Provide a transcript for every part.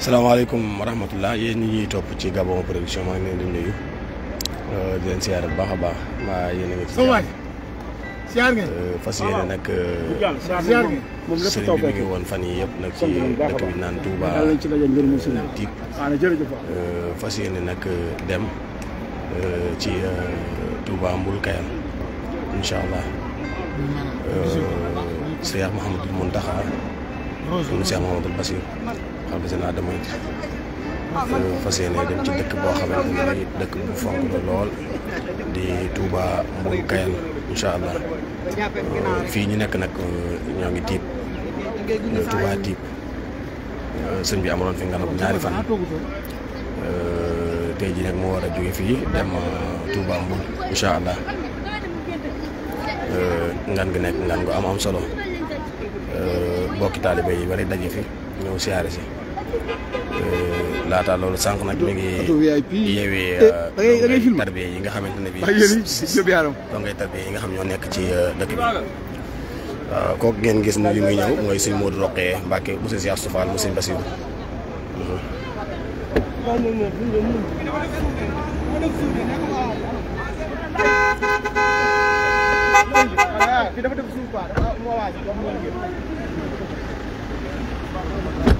Assalamualaikum warahmatullahi rahmatullah eh, eh, ni ñi ñuy ci Gabon production ngi leen di nuyu di leen siyaar bu baax a baax maa ngi ci jàmm siyaar ngeen fas yéene nag sëriñ bi mi ngi woon fan yi yëpp nag ci dëkk bi Touba dem ci Touba Mbul Kayam incha allah Muhammad Mouhamadul Mountakha Cheikh Basir président Adama fas yéene dem ci dëkk boo xamante ne bu fonk di Touba Mboul Kayal incha allah euh, ñu nekk nag euh, ñoo ngi euh, Touba tiib sëñ bi amoon fi nganam ñaari fan tey jii nag mu war a dem Touba ngan gi ngan am am solo bokki taalibe yi bari daje fi ñëw siyaare si Eh, laata loolu sànq nag mi ngi yeewee eh, euh, dongay tarbiye yi nga xamante ne bi dongay tarbiye yi nga xam ñoo nekk ci euh, dëkk bi waaw ngeen gis ni bi muy ñëw mooy suñ Modou Cheikh Soufal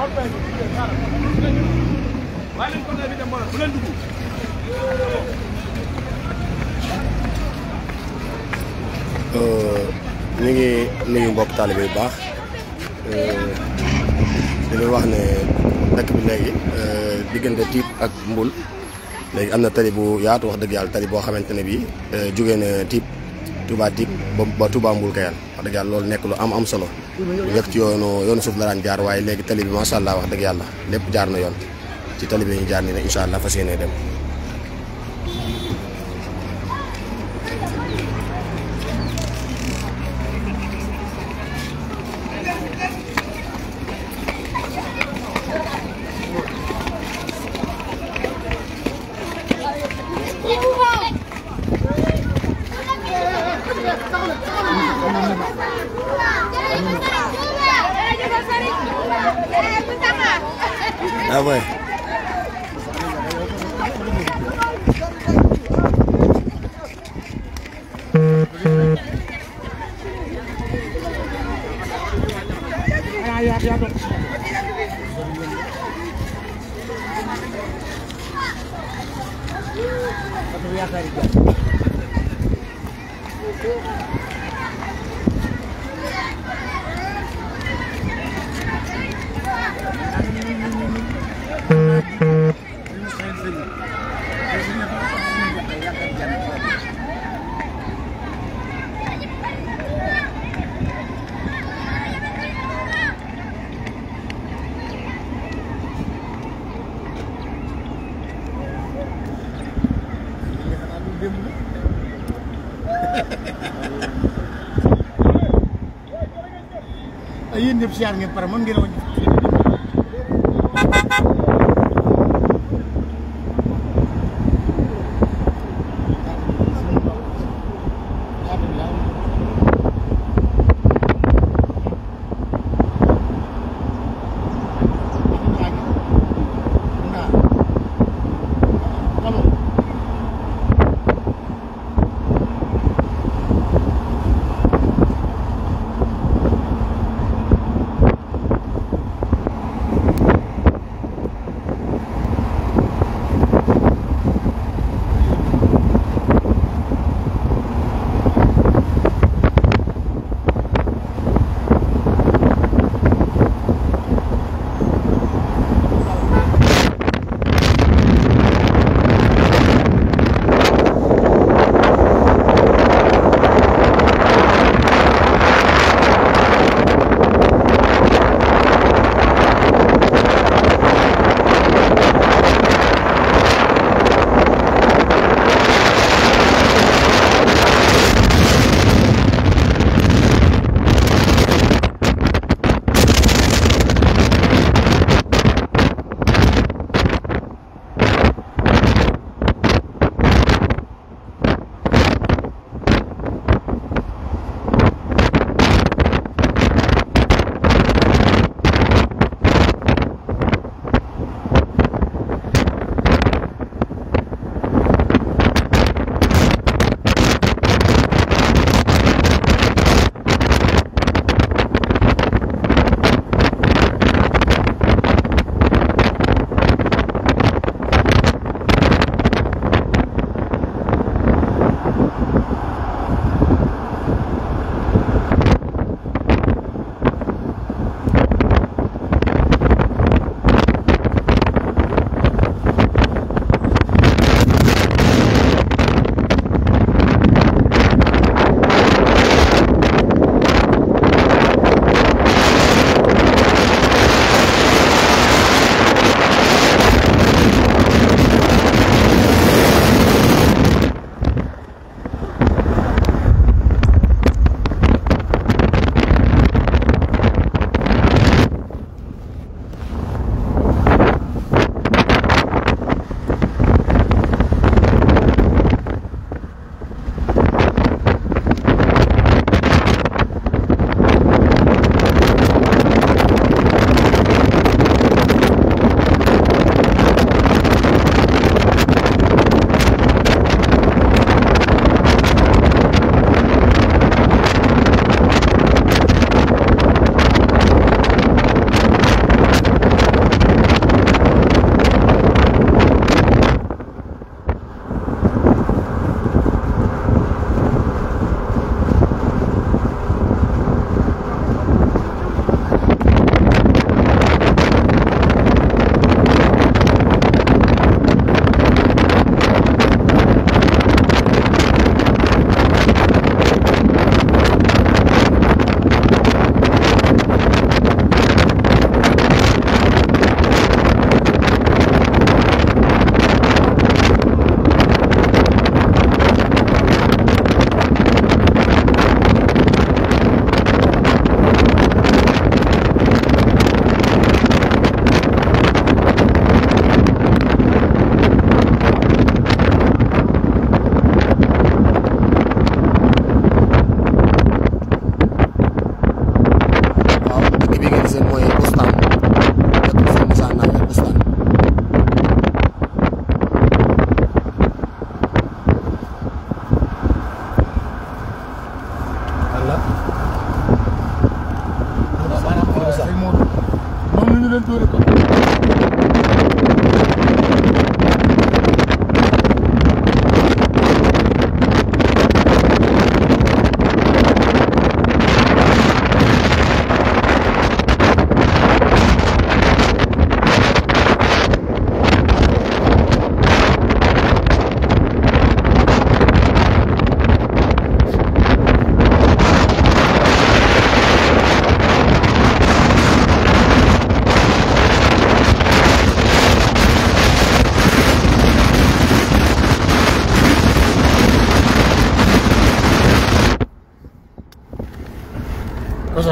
waaye euh, ngi nuyu mbokk taalibe bu baax euh, dañuy wax ne dëkk bi léegi euh, diggante Tiib ak Mbul léegi am na tali bu yaatu wax dëgg yàlla tali boo xamante ne bii jógee na Tiib Touba Tiib ba Touba Mbul Kayaan wax dëgg yàlla loolu nekk lu am am solo njëkk ci yoonu yoonu suuf la daan jaar waaye léegi tali bi macha allah wax dëgg yàlla lépp jaar na yoon ci tali bi ñu jaar nii ne incha allah fas yéene dem Thank you. ñëpp siyaar ngeen pare mën ngeen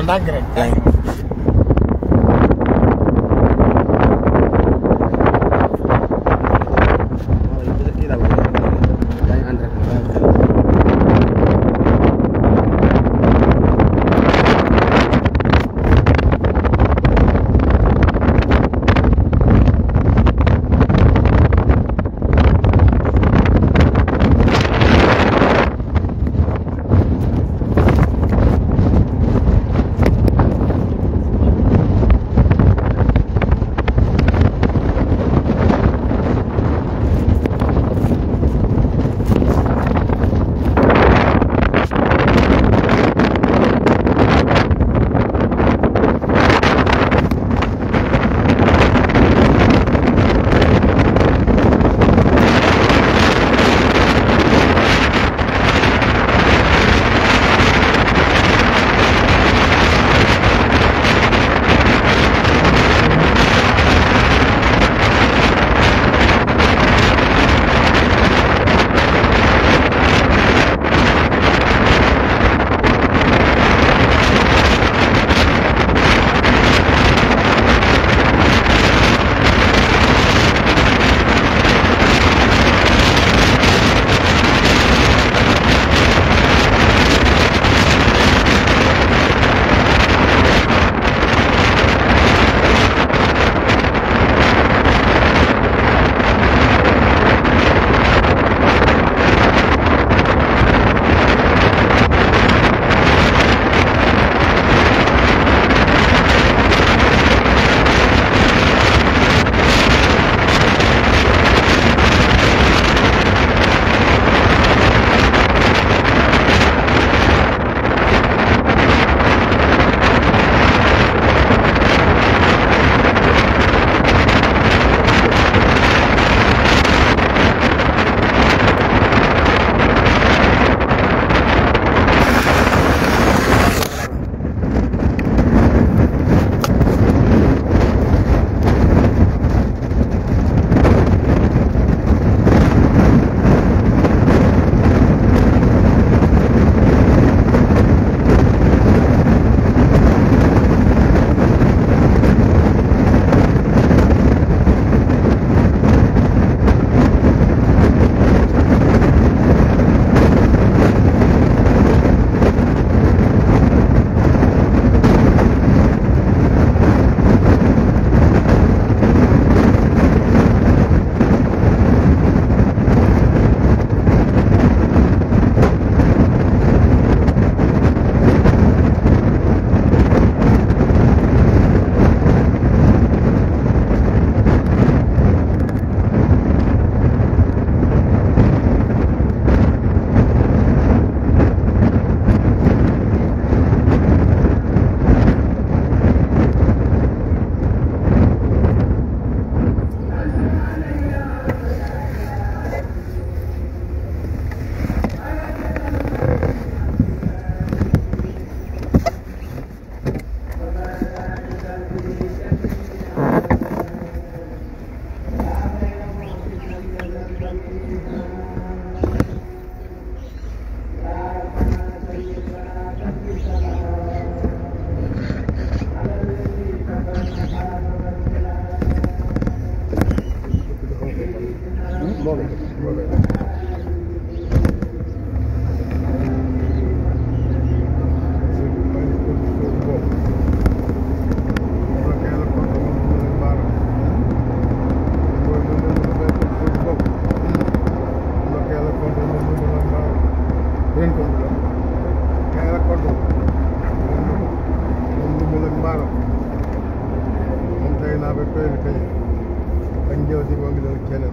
not going sondagren. Eh. waaye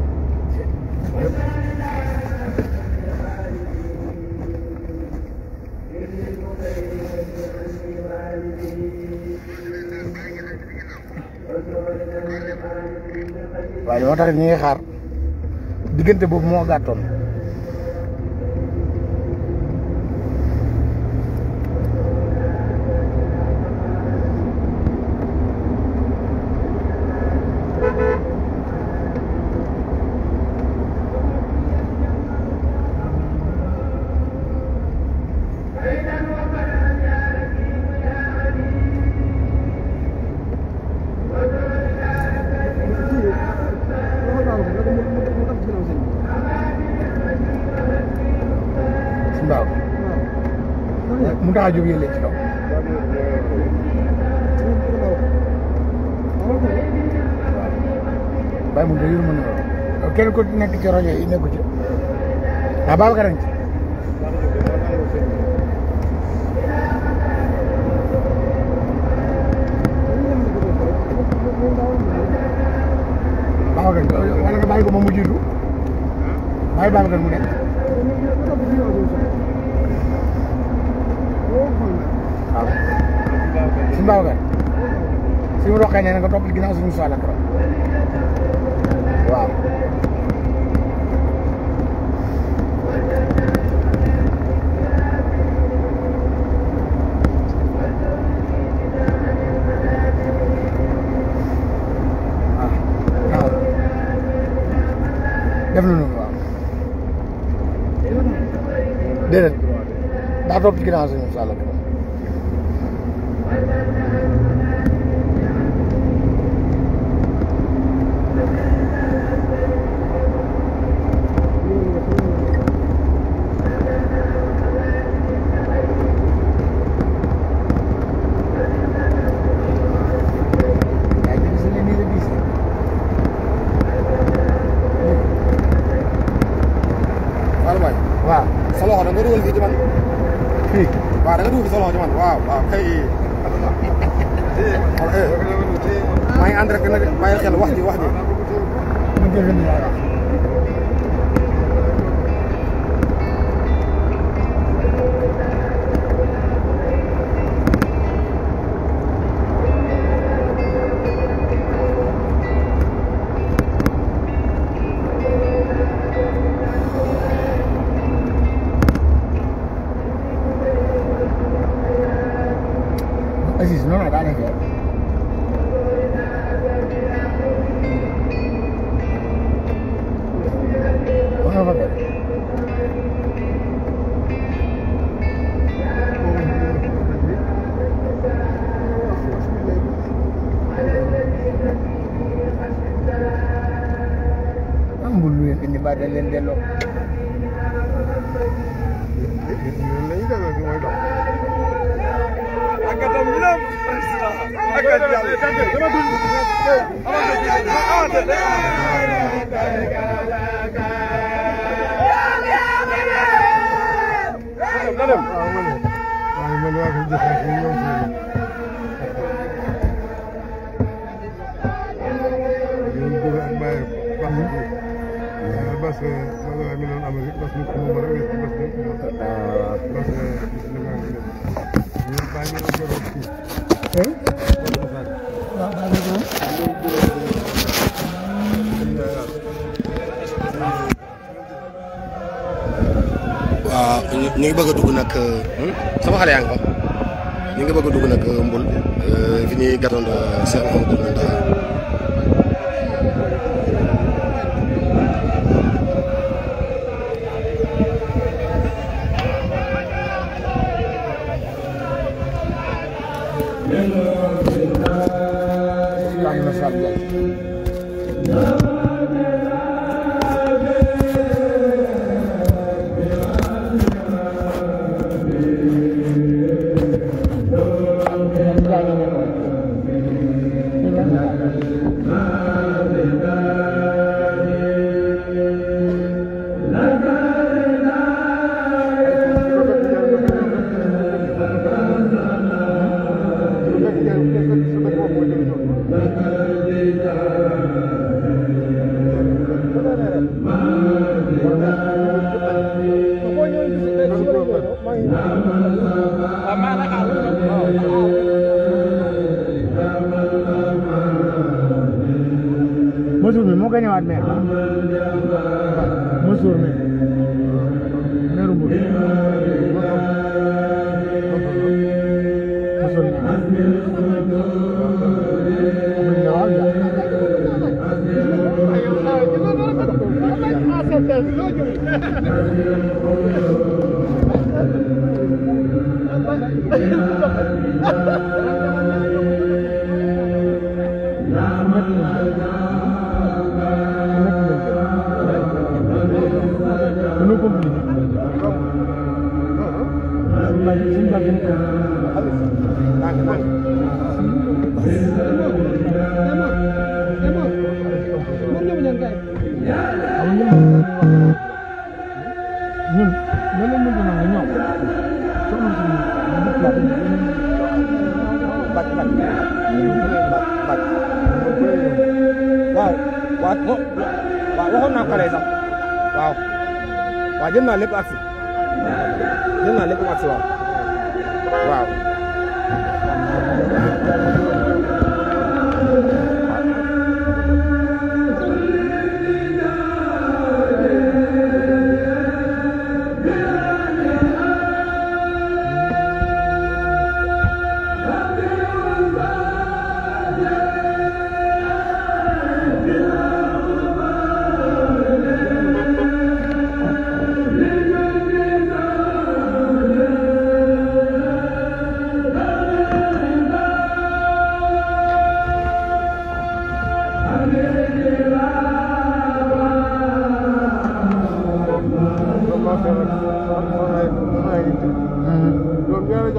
waaw ñoo tax ñu ngi xaar diggante boobu moo gàttoon tax a jóg yéen ci kaw. bàyyi mu déglu mën na ku nekk ci rajo yi nekku ci ah Babacar ci. Babacar wala nga bàyyi ko moom mu jiitu bàyyi Babacar mu nekk. waaw suñu baaw kay suñu roqee na nga toppal ginnaaw suñu ko waaw déedéet daa topp ci Thank you. Hein? ñu ngi bëgg a dugg nag hmm? sama xale yaa ngi fa ñu ngi bëgg a dugg nag mbul fi ñuy gàttandoo Cheikh Mouhamadou Mountakha Mansour mi moo gagné waat maire Mansour mi maire Mbour Mansour mi waaw mo waaw waxoon naa ko sax waaw waaw jël naa lépp aksi jël naa lépp aksi waaw waaw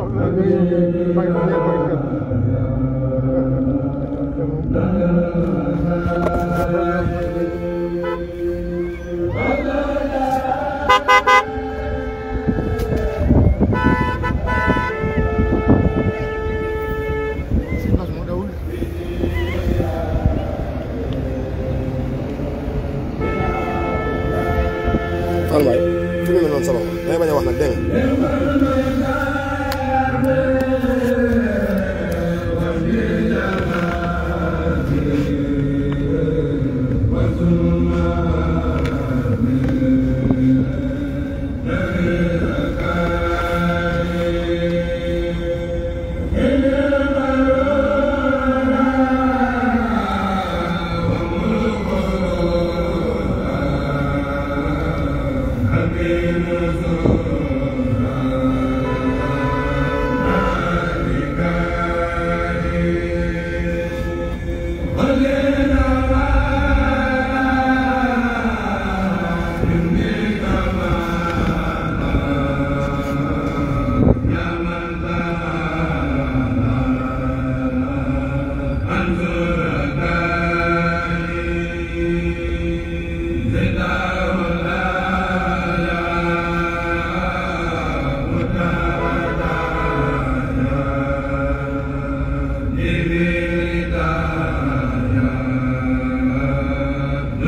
Thank you.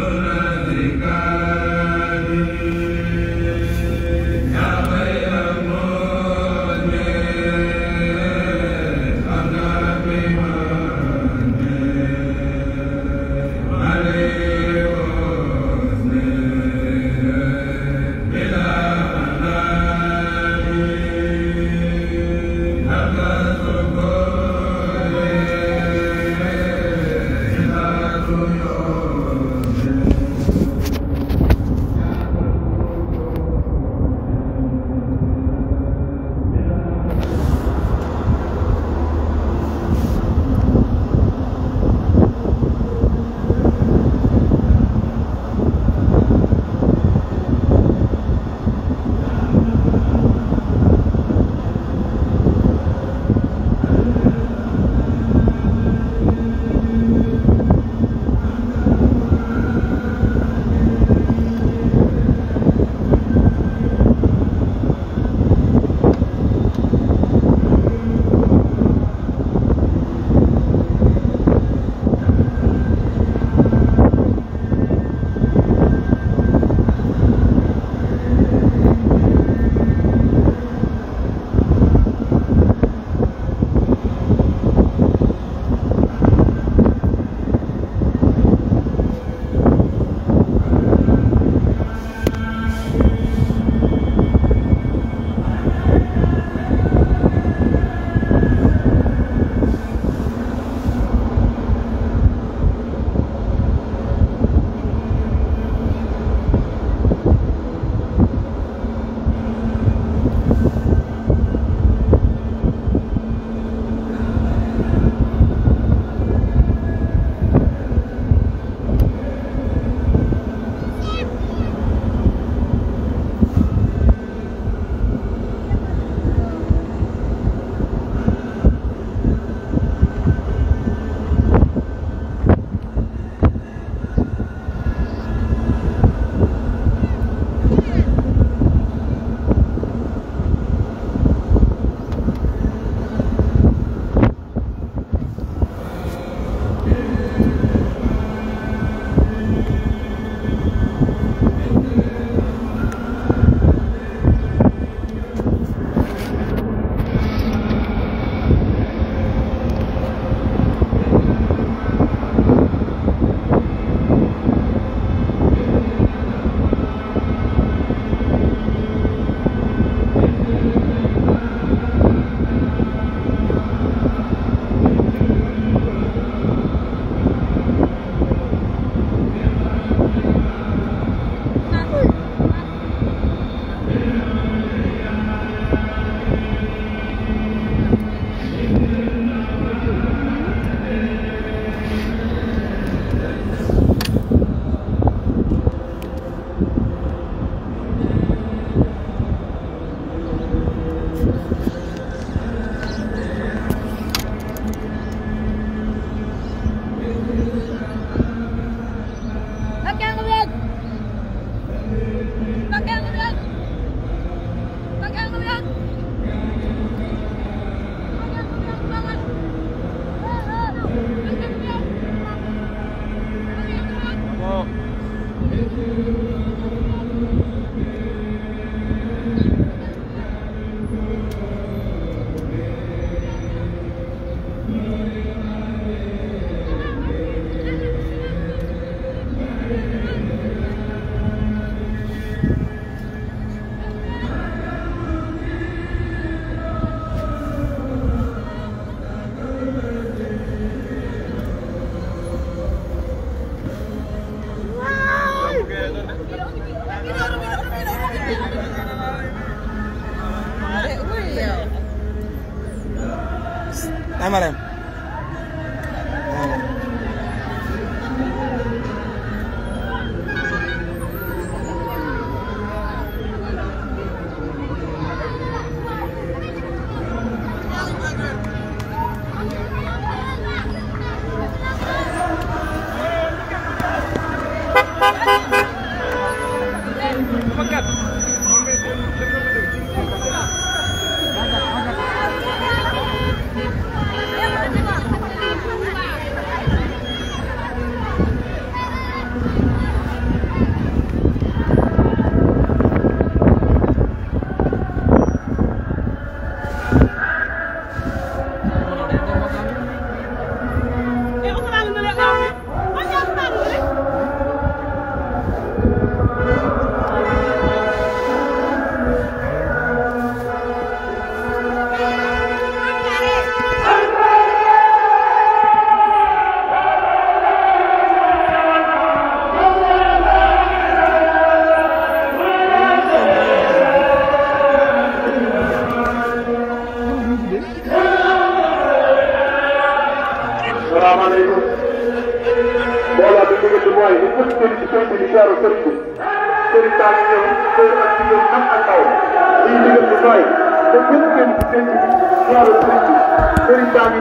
Amen.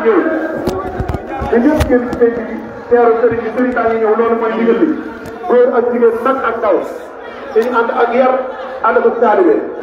ñëwee te ñëpp ngeen ci penc bi teeru sëriñ bi sëriñ baa ngi ñëw loolu mooy ndigal bi góor